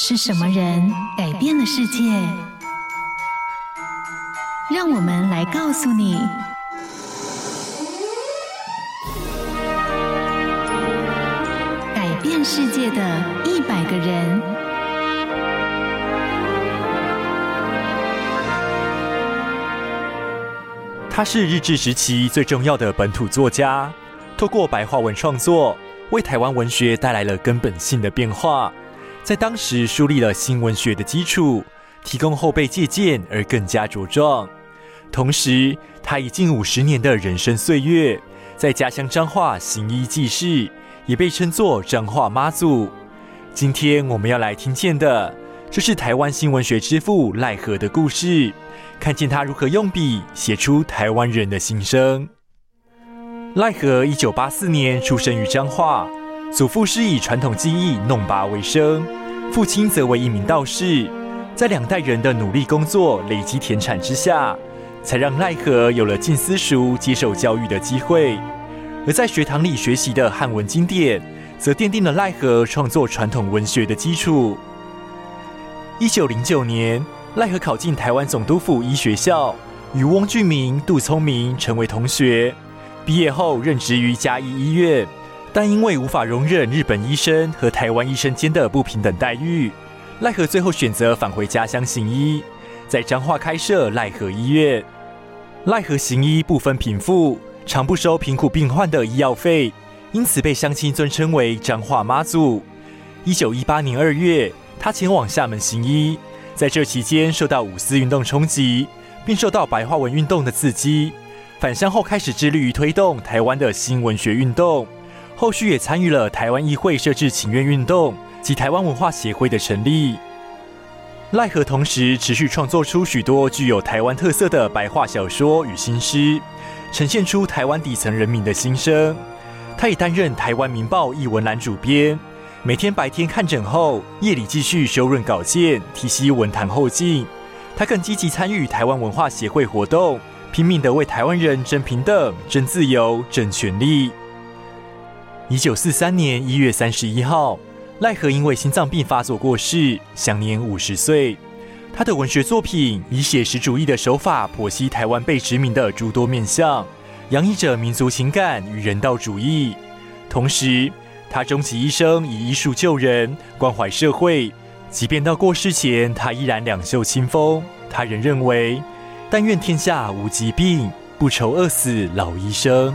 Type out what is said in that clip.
是什麼人改變了世界？讓我們來告訴你：改變世界的一百個人。他是日治時期最重要的本土作家，透過白話文創作，為台灣文學帶來了根本性的變化。在當時樹立了新文學的基礎，提供後輩借鑑而更加茁壯。同時，他以近五十年的人生歲月，在家鄉彰化行醫濟世，也被稱作彰化媽祖。今天我們要來聽見的，就是台灣新文學之父賴和的故事，看見他如何用筆寫出台灣人的心聲。賴和一九八四年出生於彰化，祖父是以傳統技藝弄拔為生。父親則為一名道士，在兩代人的努力工作、累積田產之下，才讓賴和有了進私塾、接受教育的機會。而在學堂裡學習的漢文經典，則奠定了賴和創作傳統文學的基礎。一九零九年，賴和考進台灣總督府醫學校，與翁俊明、杜聰明成為同學。畢業後，任職於嘉義醫院。但因為無法容忍日本醫生和台灣醫生間的不平等待遇，賴和最後選擇返回家鄉行醫，在彰化開設賴和醫院。賴和行醫不分貧富，常不收貧苦病患的醫藥費，因此被鄉親尊稱為彰化媽祖。一九一八年二月，他前往廈門行醫，在這期間受到五四運動衝擊，並受到白話文運動的刺激。返鄉後開始致力於推動台灣的新文學運動。後續也參與了台灣議會設置請願運動及台灣文化協會的成立。賴和同時持續創作出許多具有台灣特色的白話小說與新詩，呈現出台灣底層人民的心聲。他也擔任《台灣民報》藝文欄主編，每天白天看診後，夜裡繼續修潤稿件，提攜文壇後進。他更積極參與台灣文化協會活動，拼命的為台灣人爭平等、爭自由、爭權利。一九四三年一月三十一號，賴和因為心臟病發作過世，享年五十歲。他的文學作品以寫實主義的手法剖析台灣被殖民的諸多面相，洋溢着民族情感與人道主義。同時，他終其一生以醫術救人，關懷社會。即便到過世前，他依然兩袖清風。他仍認為，但願天下無疾病，不愁餓死老醫生。